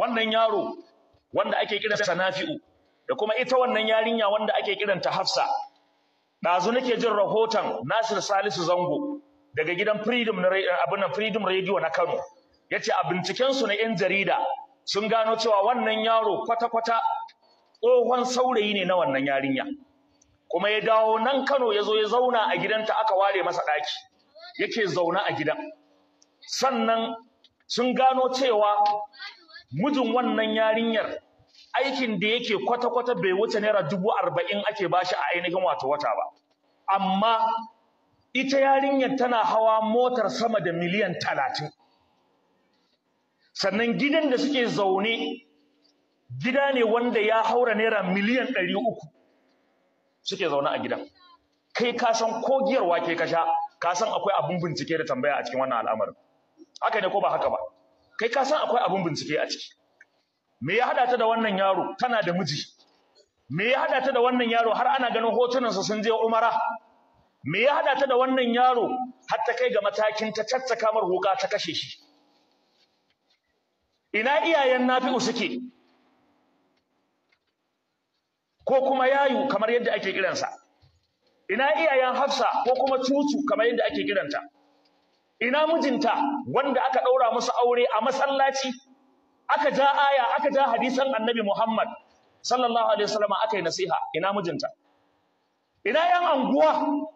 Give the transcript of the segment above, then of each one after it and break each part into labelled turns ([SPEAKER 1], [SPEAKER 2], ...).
[SPEAKER 1] wannan yaro wanda ake kiransa Nafi'u da kuma ita wannan yarinya wanda ake ta Hafsa dazu nake jin rahoton Nasir Salisu Zango daga gidan Freedom na abin nan Freedom Radio na Kano yace a binciken su na yan jarida sun gano cewa wannan yaro kwata kwata tsohon saurayi ne na wannan yarinya kuma ya dawo nan Kano ya zo ya zauna a gidanta aka ware masa ɗaki yake zauna a gidan sannan sun gano cewa mijin wannan yarinyar aikin da yake kwata-kwata bai wuce naira dubu arba'in ake shi a ainihin wato wata ba amma ita yarinyar tana hawa motar sama da miliyan talatin sannan gidan da suke zaune gida ne wanda ya haura naira miliyan ɗari uku suke zaune a gidan kai ka san ko giyar wake ka sha ka san akwai abin bincike da tambaya a cikin wannan al'amarin haka ne ko ba haka ba kai ka san akwai abin bincike a ciki me ya hada ta da wannan yaro tana da miji me ya hada ta da wannan yaro har ana ganin hotunansa sun je umara me ya hada ta da wannan yaro har ta kai ga matakin ta caccaka mar wuka ta kashe shi ina iyayen nafi'u suke ko kuma yayu kamar yadda ake kiransa ina iyayen hafsa ko kuma Tutu kamar yadda ake kiranta ina mijinta wanda aka ɗaura musu aure a masallaci aka ja aya aka ja hadisan annabi Muhammad sallallahu alaihi wasallam aka yi nasiha ina mijinta ina yan anguwa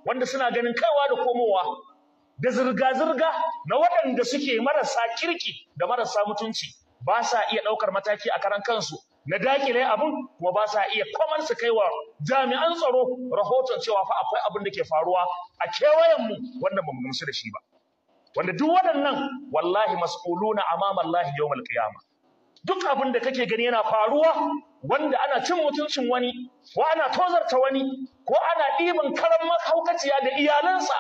[SPEAKER 1] wanda suna ganin kaiwa da komowa da zirga-zirga na waɗanda suke marasa kirki da marasa mutunci ba sa iya ɗaukar mataki a karan kansu na dakile abin kuma ba sa iya koman su kaiwa jami'an tsaro rahoton cewa fa akwai abin da ke faruwa a kewayenmu wanda ba mu gamsu da shi ba wanda duk waɗannan wallahi mas'uluna amama Allah yawmal qiyama duk abin da kake gani yana faruwa wanda ana cin mutuncin wani ko ana tozarta wani ko ana ɗiban karan mahaukaciya da iyalansa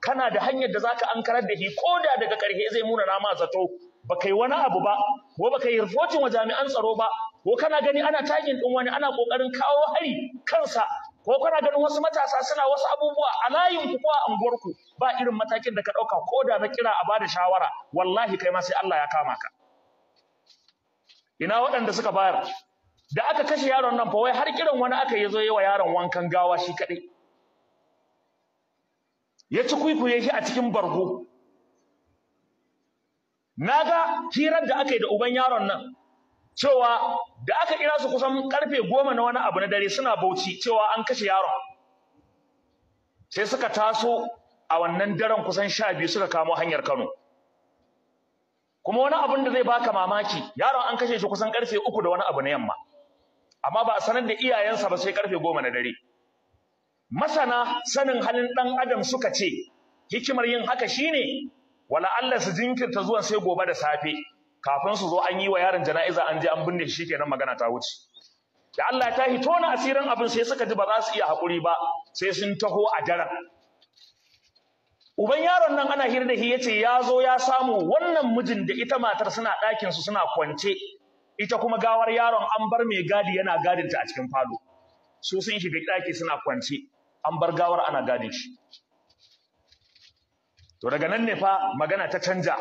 [SPEAKER 1] kana da hanyar da zaka ankarar da shi ko daga ƙarfe zai muna nama zato ba kai wani abu ba ko bakai yi rifotin wa jami'an tsaro ba ko kana gani ana takin ɗin wani ana ƙoƙarin kawo hari kansa ko kana ganin wasu matasa suna wasu abubuwa a layin ku ko a unguwarku ba irin matakin da ka ɗauka ko da na kira a bada shawara wallahi kai ma sai Allah ya kama ka ina waɗanda suka bayar da aka kashe yaron nan fa wai har kiran wani aka yi zo yi wa yaron wankan gawa shi kaɗai ya ci ya shi a cikin bargo na ga hirar da aka yi da uban yaron nan cewa da aka kira su kusan karfe goma na wani abu na dare suna bauchi cewa an kashe yaron sai suka taso a wannan daren kusan sha biyu suka kamo hanyar kano kuma wani abin da zai baka mamaki yaron an kashe shi kusan karfe uku da wani abu na yamma amma ba a sanar da iyayensa ba sai karfe goma na dare masana sanin halin ɗan adam suka ce hikimar yin haka shine wala Allah su jinkirta zuwan sai gobe da safe kafin su zo an yi wa yaron jana'iza an je an binne shi kenan magana ta wuce da Allah ta hito na asirin abin sai suka ji ba za su iya haƙuri ba sai sun taho a daren uban yaron nan ana hira da shi yace ya zo ya samu wannan mijin da ita matar suna ɗakin su suna kwance ita kuma gawar yaron an bar mai gadi yana gadinta a cikin falo su sun shiga ɗaki suna kwance an bar gawar ana gadin shi to daga nan ne fa magana ta canja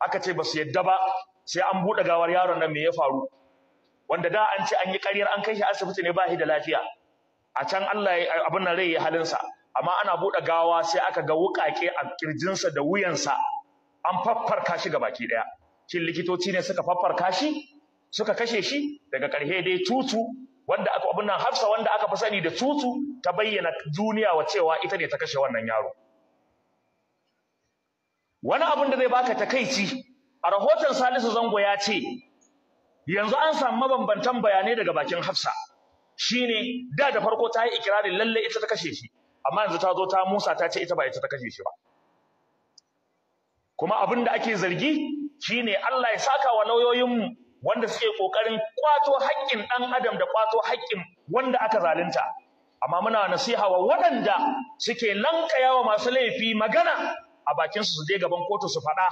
[SPEAKER 1] aka ce ba su yadda ba sai an buɗe gawar yaron nan me ya faru wanda da an ce an yi ƙaryar an kai shi asibiti ne ba shi da lafiya a can Allah ya abin nan rai ya halinsa amma ana buɗe gawa sai aka ga wuƙaƙe a kirjinsa da wuyansa an faffarka shi gabaki ɗaya shin likitoci ne suka faffarka shi suka kashe shi daga ƙarshe dai tutu wanda abin nan Hafsa wanda aka fi sani da tutu ta bayyana duniya wa cewa ita ne ta kashe wannan yaro wani abin da zai baka takaici a rahoton Salisu Zango ya ce yanzu an samu mabambantan bayanai daga bakin Hafsa shine da da farko ta yi ikirarin lalle ita ta kashe shi amma yanzu ta zo ta Musa ta ce ita ba ita ta kashe shi ba kuma abin da ake zargi shine Allah ya saka wa lauyoyin mu wanda suke kokarin kwato haƙƙin ɗan adam da kwato haƙƙin wanda aka zalunta amma muna nasiha wa waɗanda suke wa masu laifi magana a bakin su su je gaban kotu su faɗa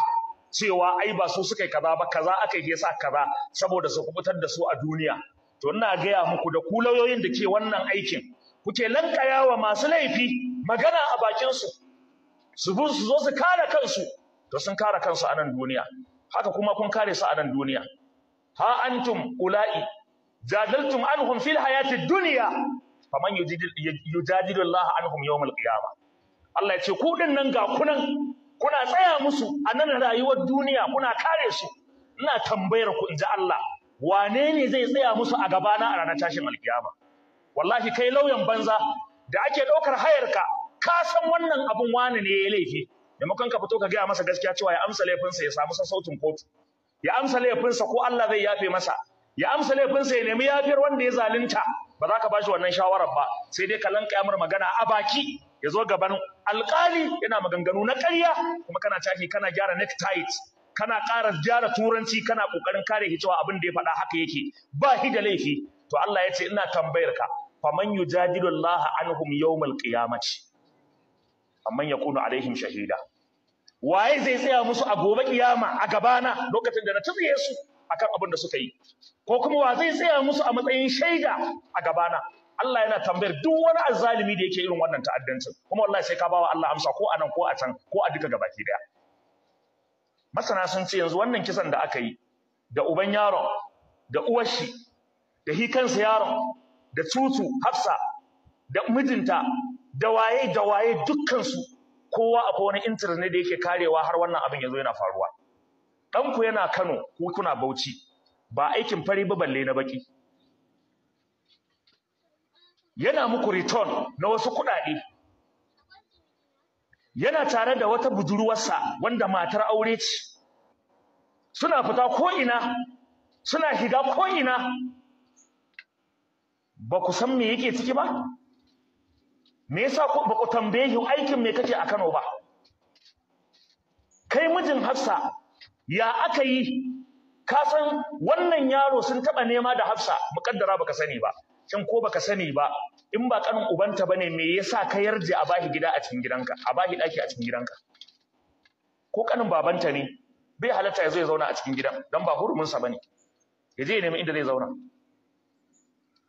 [SPEAKER 1] cewa ai ba su suka yi kaza ba kaza aka yi sa kaza saboda su kubutar da su a duniya to ina gaya muku da ku da ke wannan aikin kuke lankaya wa masu laifi magana a bakin su su bu su zo su kare kansu to sun kare kansu a nan duniya haka kuma kun kare su a nan duniya ha antum ula'i jadaltum anhum fil hayati dunya faman yujadilu Allah anhum yawmal qiyamah Allah ya ce ku din nan ga kunan kuna tsaya musu a nan rayuwar duniya kuna kare su ina tambayar ku inji Allah wane ne zai tsaya musu a gabana a ranar tashin alkiyama wallahi kai lauyan banza da ake ɗaukar hayarka ka san wannan abun wani ne ya laifi kan ka fito ka gaya masa gaskiya cewa ya amsa laifinsa ya samu sautin kotu ya amsa laifinsa ko Allah zai yafe masa ya amsa laifinsa ya nemi yafiyar wanda ya zalunta ba za ka bashi wannan shawarar ba sai dai ka lanka magana a baki ya zo gaban alƙali yana maganganu na ƙarya kuma kana tashi kana gyara necktie kana ƙara gyara turanci kana ƙoƙarin kare shi cewa abin da ya faɗa haka yake ba shi da laifi to Allah ya ce ina tambayar ka faman yujadilu Allah anhum yawmal qiyamati amman yakunu alaihim shahida waye zai tsaya musu a gobe kiyama a gabana lokacin da na tsaye su akan abin da suka yi ko kuma wa zai tsaya musu a matsayin shaida a gabana Allah yana tambayar duk wani azzalimi da yake irin wannan ta'addancin kuma wallahi sai ka bawa Allah amsa ko a nan ko a can ko a duka gabaki daya masana sun ce yanzu wannan kisan da aka yi da uban yaron da uwar shi da hi kansa yaron da tutu hafsa da mijinta da waye da waye dukkan su kowa akwai wani interest ne da yake karewa har wannan abin yanzu yana faruwa ɗanku yana Kano ku kuna Bauchi ba aikin fari ba balle na baki yana muku return na wasu kuɗaɗe yana tare da wata budurwarsa wanda matar aure ce suna fita ko'ina suna higa ko'ina ba ku san me yake ciki ba me yasa ba ku tambaye shi aikin me kake a Kano ba kai mijin Hafsa ya aka yi ka san wannan yaro sun taɓa nema da Hafsa muƙaddara baka sani ba can ko baka sani ba in ba kanin ubanta bane me yasa ka yarje a bahi gida a cikin gidanka a bahi daki a cikin gidanka ko kanin babanta ne bai halatta ya zo ya zauna a cikin gidan dan ba hurumin sa bane ya je ya inda zai zauna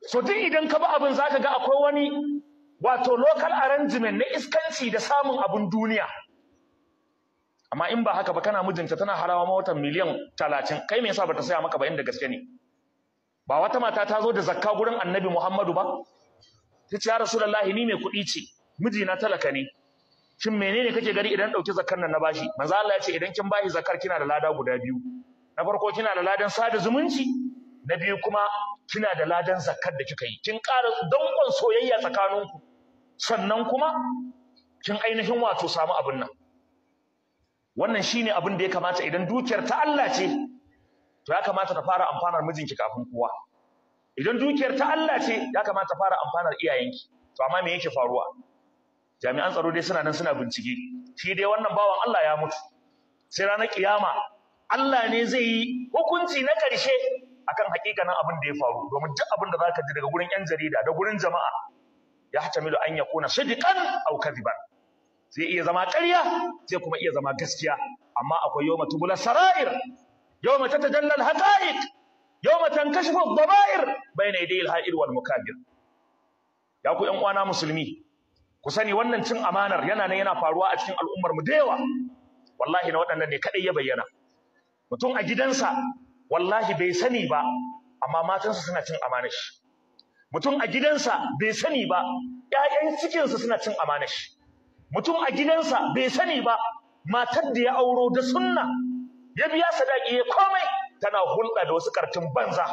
[SPEAKER 1] so duk idan ka ba abin zaka ga akwai wani wato local arrangement na iskanci da samun abun duniya amma in ba haka ba kana mijinta tana harawa ma watan miliyan talatin kai me yasa ba ta saya maka ba inda gaske ne ba wata mata ta zo da zakka gurin annabi Muhammadu ba ta ce ya rasulallahi ni mai kuɗi ce mijina talaka ne shin menene kake gari idan ɗauki zakar nan na bashi manzo Allah ya ce idan kin bashi zakar kina da lada guda biyu na farko kina da ladan sada zumunci na biyu kuma kina da ladan zakkar da kika yi kin ƙara danƙon soyayya tsakaninku sannan kuma kin ainihin wato samu abin nan wannan shine abin da ya kamata idan dukiyar ta Allah ce to ya kamata ta fara amfanar mijinki kafin kowa idan dukiyar ta Allah ce ya kamata ta fara amfanar iyayenki to amma me yake faruwa jami'an tsaro dai suna nan suna bincike shi dai wannan bawan Allah ya mutu sai ranar kiyama Allah ne zai yi hukunci na ƙarshe akan hakikanin abin da ya faru domin duk abin da ka ji daga gurin yan jarida da gurin jama'a ya hatamilu an yakuna sidqan aw kadiban zai iya zama ƙarya zai kuma iya zama gaskiya amma akwai yawmatu tubula sara'ir يوم تتجلى الحقائق يوم تنكشف الضبائر بين يدي bayna والمكابر يا كو ان وانا ya ku ƴan musulmi ku sani wannan cin amanar yana nan yana faruwa a cikin al'ummar mu da yawa wallahi na waɗannan ne kadai ya bayyana mutum a gidansa wallahi bai sani ba amma matansa suna cin amanar shi mutum a gidansa bai sani ba ƴaƴan cikinsa suna cin amanar shi mutum a gidansa bai sani ba matar da ya auro da sunna ya biya sadaki ya komai tana hulɗa da wasu ƙarfin banza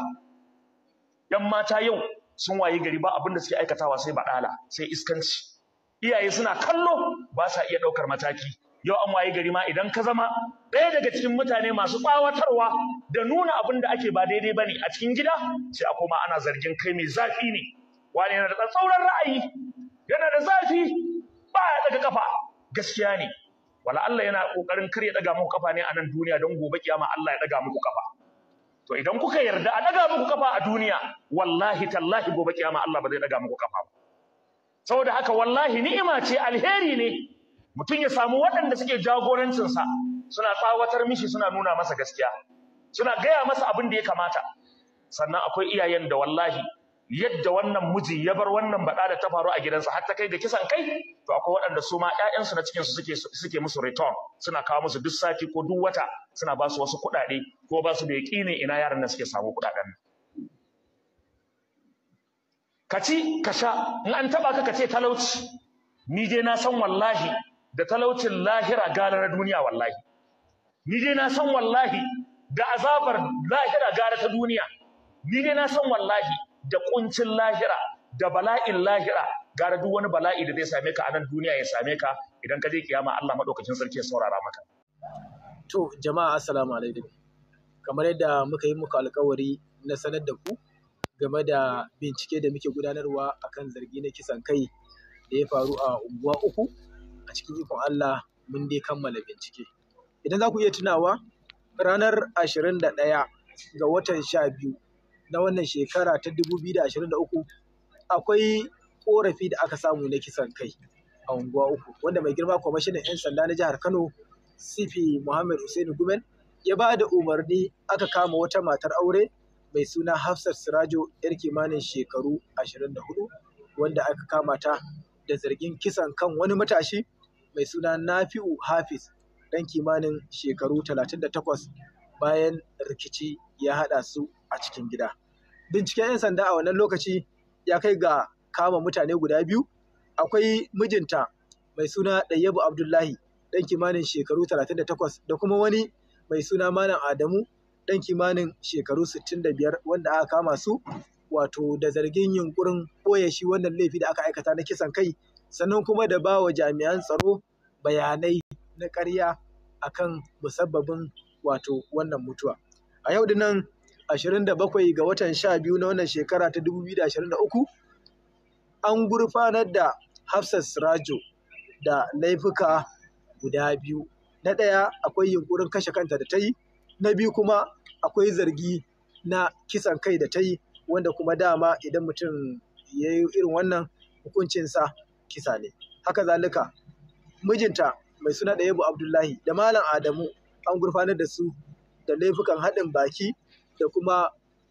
[SPEAKER 1] yan mata yau sun waye gari ba da suke aikatawa sai ba ɗala, sai iskanci iyaye suna kallo ba sa iya ɗaukar mataki yau an waye gari ma idan ka zama ɗaya daga cikin mutane masu ƙawatarwa da nuna abin da ake ba daidai ba ne a cikin gida sai a koma ana zargin kai mai zafi ne wani yana da tsauran ra'ayi yana da zafi ba ya daga kafa gaskiya ne wala Allah yana kokarin karya ɗaga daga muku kafa ne a nan duniya don gobe kiyama Allah ya daga muku kafa to idan kuka yarda a daga muku kafa a duniya wallahi tallahi gobe kiyama Allah ba zai daga muku kafa ba saboda haka wallahi ni'ima ce alheri ne mutum ya samu waɗanda suke jagorancin sa suna tsawatar mishi suna nuna masa gaskiya suna gaya masa abin da ya kamata sannan akwai iyayen da wallahi yadda wannan miji ya bar wannan bada da ta faru a gidansa har ta kai ga kisan kai to akwai waɗanda su ma ƴaƴansu na cikin su suke suke musu return suna kawo musu duk sati ko duk wata suna ba su wasu kuɗaɗe ko ba su da yaƙini ina yaran nan suke samu kuɗaɗen ka ci ka sha in an taɓa ka ka ce talauci ni dai na san wallahi da talaucin lahira gara na duniya wallahi ni dai na san wallahi da azabar lahira gara ta duniya ni dai na san wallahi da kuncin lahira da bala'in lahira gara duk wani bala'i da zai same ka a nan duniya ya same ka idan ka je kiyama Allah madaukakin sarki ya saurara maka to jama'a assalamu alaikum kamar yadda muka yi muku
[SPEAKER 2] alkawari na sanar da ku game da bincike da muke gudanarwa akan zargi na kisan kai da ya faru a unguwa uku a cikin ikon Allah mun dai kammala bincike idan za ku iya tunawa ranar 21 ga watan 12 na wannan shekara ta 2023 akwai korafi da aka samu na kisan kai a unguwa uku wanda mai girma kwamishinan 'yan sanda na jihar kano cp muhammad hussein gumen ya ba da umarni aka kama wata matar aure mai suna hafsat sirajo yar kimanin shekaru 24 wanda aka kama ta da zargin kisan kan wani matashi mai suna nafi'u hafiz dan kimanin shekaru 38 bayan rikici ya haɗa su a cikin gida. Binciken 'yan sanda a wannan lokaci ya kai ga kama mutane guda biyu. Akwai mijinta mai suna Ɗayyabu Abdullahi ɗan kimanin shekaru 38 da kuma wani mai suna Malam Adamu ɗan kimanin shekaru 65 wanda aka kama su wato da zargin yunkurin ɓoye shi wannan laifi da aka aikata na kisan kai sannan kuma da ba wa jami'an tsaro bayanai na ƙarya akan musabbabin wato wannan mutuwa. A yau nan 27 ga watan 12 na wannan shekara ta 2023 an gurfanar da Hafsat Sirajo da laifuka guda biyu. Na ɗaya akwai yunkurin kashe kanta da ta yi, na biyu kuma akwai zargi na kisan kai da ta yi wanda kuma dama idan mutum ya yi irin wannan hukuncinsa kisa ne. Haka zalika mijinta mai suna da yabo Abdullahi da Malam Adamu an gurfanar da su da laifukan haɗin baki da kuma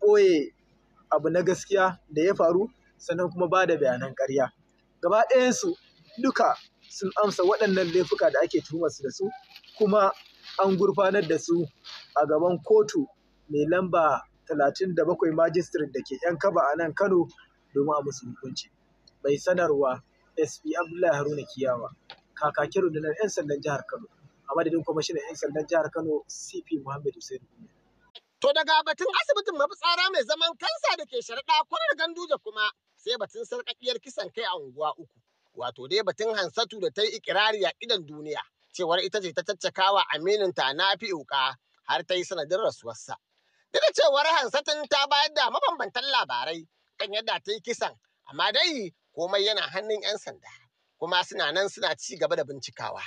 [SPEAKER 2] ɓoye abu na gaskiya da ya faru sannan kuma ba da bayanan ƙarya. Gaba ɗayansu duka sun amsa waɗannan laifuka da ake tuhumarsu da su kuma an gurfanar da su a gaban kotu mai lamba 37 magistrate da ke 'yan kaba a nan Kano domin a musu hukunci. Mai sanarwa SP Abdullahi Haruna Kiyawa, kakakin rundunar 'yan sandan jihar Kano, a madadin kwamishinan 'yan sandan jihar Kano CP Muhammad Hussein
[SPEAKER 3] To daga batun asibitin mafitsara mai zaman kansa da ke sharaɗa kwarar ganduje kuma sai batun sarƙaƙiyar kisan kai a unguwa uku. Wato dai batun Hansatu da ta yi ikirari a idon duniya cewar ita ce ta caccakawa amininta na fi uka har ta yi sanadin rasuwarsa. Duk da cewar Hansatun ta bayar da mabambantan labarai kan yadda ta yi kisan amma dai komai yana hannun 'yan sanda kuma suna nan suna ci gaba da bincikawa.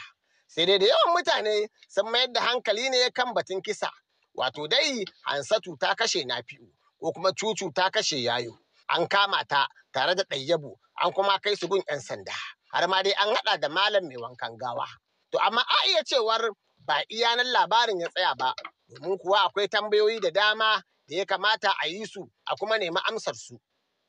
[SPEAKER 3] Sai dai da yawan mutane sun mayar da hankali ne kan batun kisa. wato dai hansatu ta kashe nafi'u ko kuma cucu ta kashe yayo an kama ta tare da ɗayyabu an kuma kai su gun 'yan sanda har ma dai an haɗa da malam mai wankan gawa to amma a iya cewar ba iya nan labarin ya tsaya ba domin kuwa akwai tambayoyi da dama da ya kamata a yi su a kuma nemi amsar su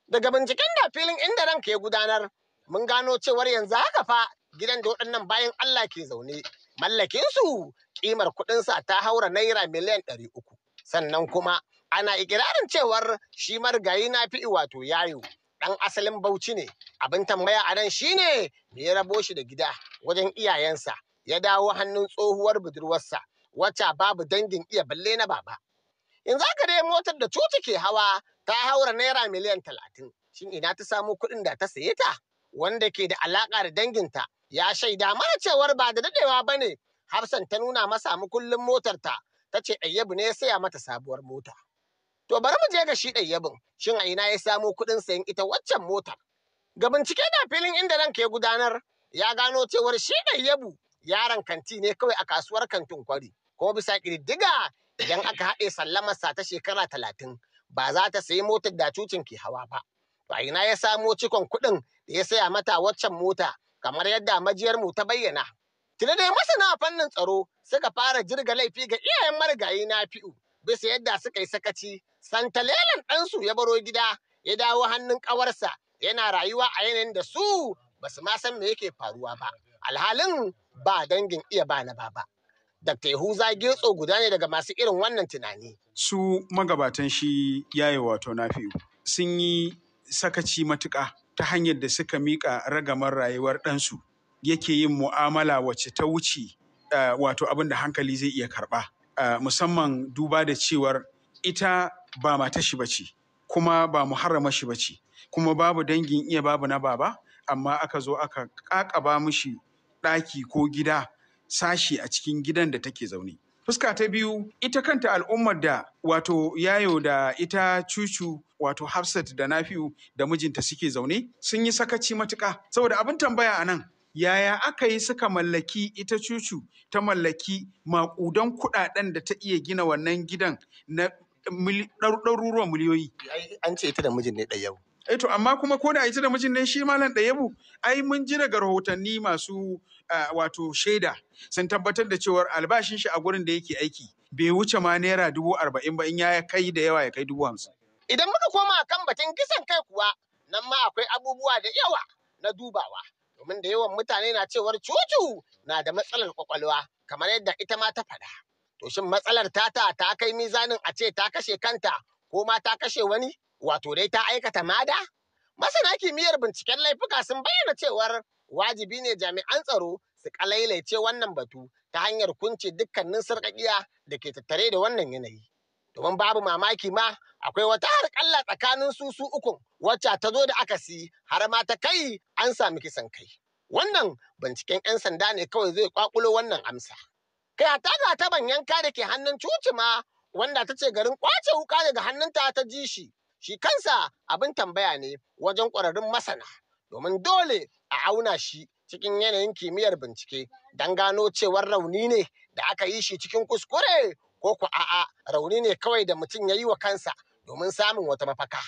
[SPEAKER 3] daga binciken da filin inda ranka ya gudanar mun gano cewar yanzu haka fa gidan da waɗannan bayan Allah ke zaune mallakinsu kimar kuɗinsa ta haura naira miliyan ɗari uku. Sannan kuma ana ikirarin cewar shi marigayi na fi wato yayo ɗan asalin bauchi ne abin tambaya a nan shine me ya rabo shi da gida wajen iyayensa ya dawo hannun tsohuwar budurwarsa wacce babu dangin iya balle na baba. In za ka dai motar da cuta ke hawa ta haura naira miliyan talatin shin ina ta samu kuɗin da ta saye ta wanda ke da alaƙa da danginta ya shaida mana cewar ba da dadewa ba ne Hafsan ta nuna masa mukullin motarta ta ce ɗayyabu ne ya saya mata sabuwar mota. To bari mu je ga shi ɗayyabin shin a ina ya samo kuɗin sayan ita waccan motar. Ga bincike da filin inda nan ke gudanar ya gano cewar shi ɗayyabu yaron kanti ne kawai a kasuwar kantin kwari. ko bisa ƙididdiga idan aka haɗe sallamarsa ta shekara talatin ba za ta sayi motar da cucin ke hawa ba. To a ina ya samo cikon kuɗin da ya saya mata waccan mota kamar yadda majiyarmu ta bayyana. Tuna dai masana fannin tsaro suka fara jirga laifi ga iyayen marigayi na fi'u bisa yadda suka yi sakaci. Santalelan ɗansu ya baro gida ya dawo hannun ƙawarsa yana rayuwa a yanayin da su ba su ma san me yake faruwa ba. Alhalin ba dangin iya ba na baba. Dr. Yahuza Getso guda ne daga masu irin wannan tunani.
[SPEAKER 4] Su magabatan shi yaye wato na nafi'u sun yi sakaci matuƙa ta hanyar da suka miƙa ragamar rayuwar ɗansu yake yin mu'amala wacce ta wuce eh, wato abin da hankali zai iya karba. Eh, musamman duba da cewar ita ba mata shi bace kuma ba muharrama shi bace kuma babu dangin iya babu na baba amma aka zo aka ƙaƙaba mishi ɗaki ko gida sashi a cikin gidan da take zaune. Fuska ta biyu ita kanta al'ummar da wato yayo da ita cucu wato Hafsat da Nafi'u da mijinta suke zaune sun yi sakaci matuka. saboda abin tambaya a nan yaya aka yi suka mallaki ita cucu ta mallaki maƙudan kuɗaɗen da ta iya gina wannan gidan na ɗaruruwan miliyoyi. An ce ita da mijin ne ɗaya E, eh to amma kuma ko da ita da mijin ne shi malam ɗaya ai mun ji daga rahotanni masu wato shaida sun tabbatar da cewar albashin shi a gurin da yake aiki bai wuce ma naira dubu arba'in ba in ya kai da yawa ya kai dubu hamsin.
[SPEAKER 3] Idan muka koma kan batun kisan kai kuwa nan ma akwai abubuwa da yawa na dubawa. domin da yawan mutane na cewar cucu na da matsalar kwakwalwa kamar yadda ita ma ta faɗa. To shin matsalar tata ta kai mizanin a ce ta kashe kanta ko ma ta kashe wani wato dai ta aikata mada? Masana kimiyyar binciken laifuka sun bayyana cewar wajibi ne jami'an tsaro su kalailaice wannan batu ta hanyar kunce dukkanin sarƙaƙiya da ke tattare da wannan yanayi. Domin babu mamaki ma akwai wata harƙalla tsakanin su su ukun wacce ta zo da aka si har ma ta kai an sami kisan kai. Wannan binciken 'yan sanda ne kawai zai kwakulo wannan amsa. Kai a ta ta ban yanka da ke hannun ma wanda ta ce garin kwace wuka daga hannunta ta ji shi. Shi kansa abin tambaya ne wajen ƙwararrun masana domin dole a auna shi cikin yanayin kimiyyar bincike don gano cewar rauni ne da aka yi shi cikin kuskure ko ku a'a rauni ne kawai da mutum ya yi wa kansa domin samun wata mafaka.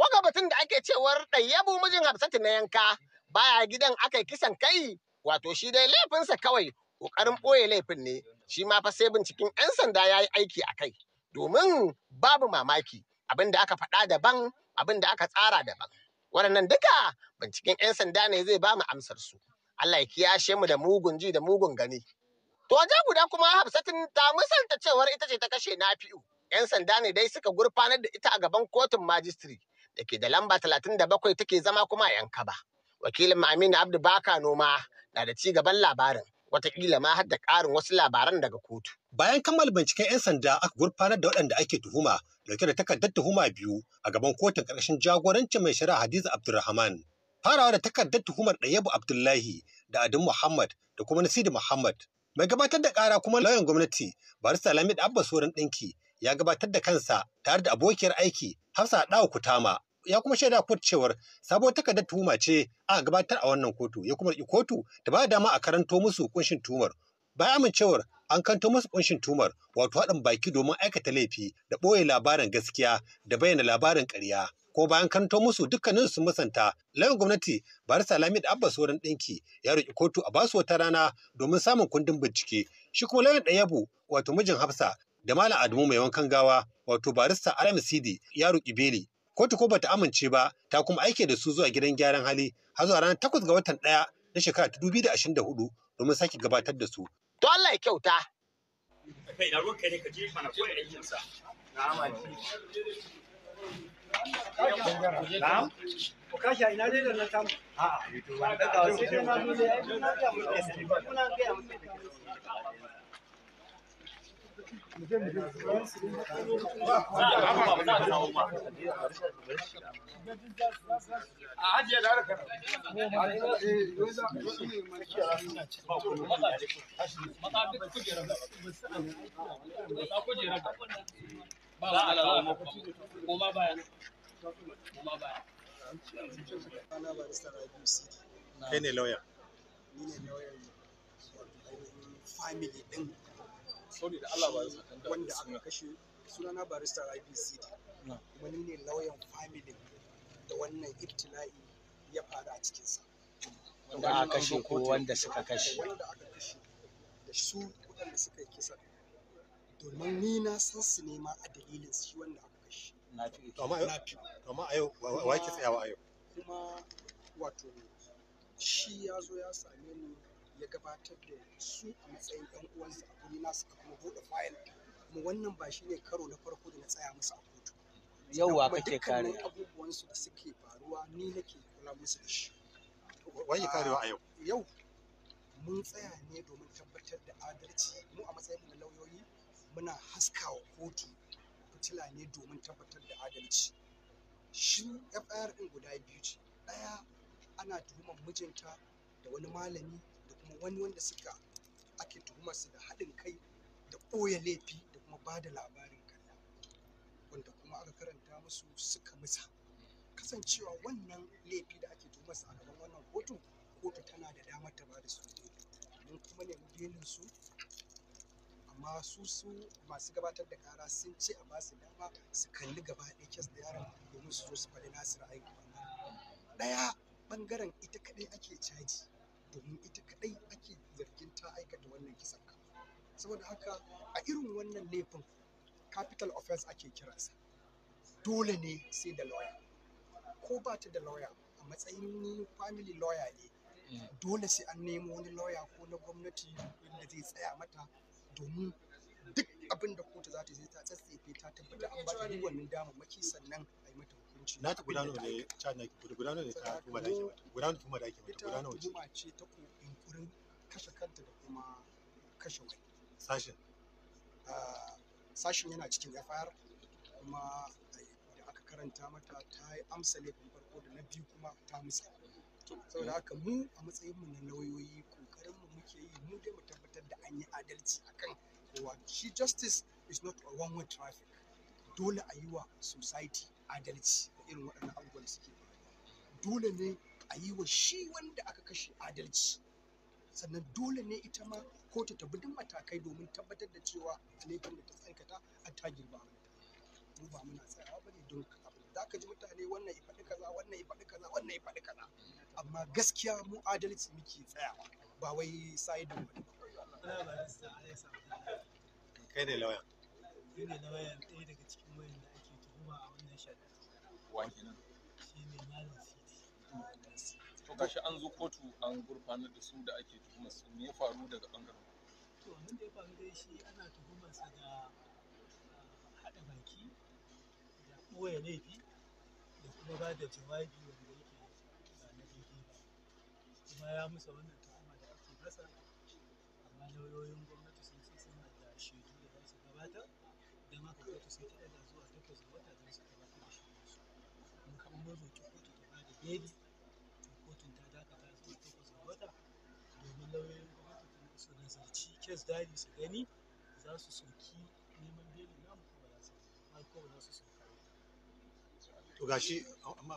[SPEAKER 3] Waga batun da ake cewar ɗayyabu mijin Hafsatu na yanka baya gidan aka kisan kai wato shi dai laifinsa kawai ƙoƙarin ɓoye laifin ne shi ma fa sai binciken 'yan sanda ya yi aiki a kai domin babu mamaki abin da aka faɗa daban abin da aka tsara daban waɗannan duka binciken 'yan sanda ne zai ba mu amsar su Allah ya kiyashe mu da mugun ji da mugun gani to waje guda kuma Hafsatin ta musanta cewar ita ce ta kashe Nafi'u 'yan sanda ne dai suka gurfanar da ita a gaban kotun majistri da ke da lamba 37 take zama kuma a Yankaba. Wakilin Aminu Abdu Baka Noma na da ci gaban labarin. watakila ma har da ƙarin wasu labaran daga kotu.
[SPEAKER 5] Bayan kammala binciken 'yan sanda aka gurfanar da waɗanda ake tuhuma dauke da takardar tuhuma biyu a gaban kotun ƙarƙashin jagorancin mai shari'a Hadiza Abdulrahman. Farawa da takardar tuhumar Ɗayyabu Abdullahi da Adin Muhammad da kuma Nasidi Muhammad. Mai gabatar da ƙara kuma lauyan gwamnati Barista Lamid Abbas Wurin Ɗinki ya gabatar da kansa tare da abokiyar aiki Hafsa Dawo Kutama ya kuma shaida kotu cewar sabuwar takardar tuhuma ce a gabatar a wannan kotu ya kuma kotu ta ba dama a karanto musu kunshin tumar bayan amincewar an kanto musu kunshin tumar wato haɗin baki domin aikata laifi da ɓoye labarin gaskiya da bayyana labarin ƙarya ko bayan kanto musu dukkanin su musanta lauyan gwamnati barista da abbas wurin ɗinki ya roƙi kotu a basu wata rana domin samun kundin bincike shi kuma lauyan ɗayabu wato mijin hafsa da Malam Adamu mai wankan gawa wato barista Adam Sidi ya roƙi beli. Kotu ko bata amince ba ta kuma aike da su zuwa gidan gyaran hali har zuwa ranar takwas ga watan ɗaya na shekara ta dubi da ashirin da hudu domin sake gabatar da su.
[SPEAKER 3] To Allah ya kyauta.
[SPEAKER 6] Kai ne lauya. Ni ne lauyan family ɗin saboda Allah ba zai wanda aka
[SPEAKER 7] kashe sunana barista Rabi City kuma ni ne lauyan family da wannan ibtila'i ya faru a cikinsa wanda aka kashe ko wanda suka kashe wanda aka kashe da su waɗanda suka yi kisa domin ni na san su ne ma a dalilin shi wanda aka
[SPEAKER 5] kashe amma a yau wa ke tsayawa a
[SPEAKER 7] kuma wato shi ya zo ya same ni ya gabatar da su a matsayin yan uwansa a guri nasu suka kuma buɗe fayil Mu wannan ba shi ne karo na farko da na tsaya musu a kotu
[SPEAKER 6] yauwa kake kare
[SPEAKER 7] abubuwan su da suke faruwa ni nake kula musu da shi Waye karewa a yau ah, yau mun tsaya ne domin tabbatar da adalci mu a matsayin na lauyoyi muna haskawa kotu fitila ne domin tabbatar da adalci shi fir din guda biyu ce ɗaya ana tuhumar mijinta da wani malami kuma wani wanda suka ake tuhumar su da haɗin kai da ɓoye laifi da kuma ba da labarin kalla, wanda kuma aka karanta musu suka musa kasancewa wannan laifi da ake tuhumar su a gaban wannan kotu kotu tana da damar ta ba da su mun kuma nemi belin su amma su su masu gabatar da kara sun ce a basu dama su kalli gaba ɗaya kes da yaron domin su zo su faɗi nasu ra'ayi ɗaya ɓangaren ita kaɗai ake caji domin ita kadai ake zargin ta aikata wannan kisan kan saboda haka a irin wannan laifin capital offense ake kira sa dole ne sai da lawyer ko ba ta da lawyer a matsayin ni family lawyer ne dole sai an nemo wani lawyer ko na gwamnati wanda zai tsaya mata domin duk abin da kotu za ta je ta tsatsefe ta tabbata an ba ta duk wannan damammaki sannan a yi mata
[SPEAKER 5] na ta gudanar ne ta na gudanar ne ta tuma da ake mata gudanar tuma da ake mata gudanar wace tuma
[SPEAKER 7] ce ta yunkurin kashe kanta da kuma kashe wani sashin ah, sashin yana cikin FR kuma eh, da aka karanta mata ta yi amsa laifin farko da na biyu kuma ta musa saboda haka mu a matsayin mu na lauyoyi kokarin mu muke yi mu dai mu tabbatar da an yi adalci akan kowa shi justice is not a one way traffic dole a yi wa society adalci irin waɗannan abubuwan suke dole ne a yi wa shi wanda aka kashe adalci sannan dole ne ita ma kotu ta bi matakai domin tabbatar da cewa laifin da ta aikata a ta girba mu ba muna tsayawa ba ne don za ka ji mutane wannan ya faɗi kaza wannan ya faɗi kaza wannan ya faɗi kaza amma gaskiya mu adalci muke tsayawa ba wai sai da wani
[SPEAKER 5] kai ne lawyer
[SPEAKER 6] ne lawyer ɗaya daga cikin wayan da ake tuhuma a wannan shari'a. wa kenan to gashi an zo
[SPEAKER 4] kotu an gurfanar da su da ake tuhumar su me ya faru daga bangaren
[SPEAKER 6] to abin da ya faru dai shi ana tuhumar sa da ah, haɗa baki da ɓoye laifi da kuma ba da jawabi wanda yake ba na daidai ba kuma ya musa wannan tuhuma da ake masa amma lauyoyin gwamnati sun ce suna da shaidu da za su gabatar don haka kotu sai ta ɗaga zuwa takwas ga wata don su mun roƙi kotu ta bada beli to kotun ta dakata zuwa takwas ga wata domin lauyoyin gwamnati kuma su nazarci kes dari su gani za su soki neman beli na ko ba za su ba za su soka to gashi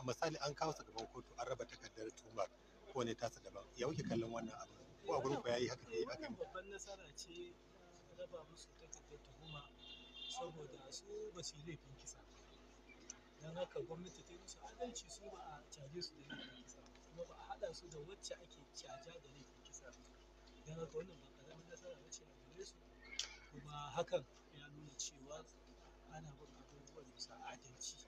[SPEAKER 5] misali an kawo gaban kotu an raba takardar tumar ko ne tasa daban ya wuce kallon wannan abu ko a gurin ku yayi haka yayi haka
[SPEAKER 6] babban nasara ce raba musu takardar tuhuma saboda su ba su laifin kisa don haka gwamnati ta yi musu adalci su ba a caje su da laifin kisa kuma ba a haɗa su da wacce ake caja da laifin kisa don haka wannan ba ƙaramin nasara ba a gare su kuma hakan ya nuna cewa ana bin abubuwan bisa adalci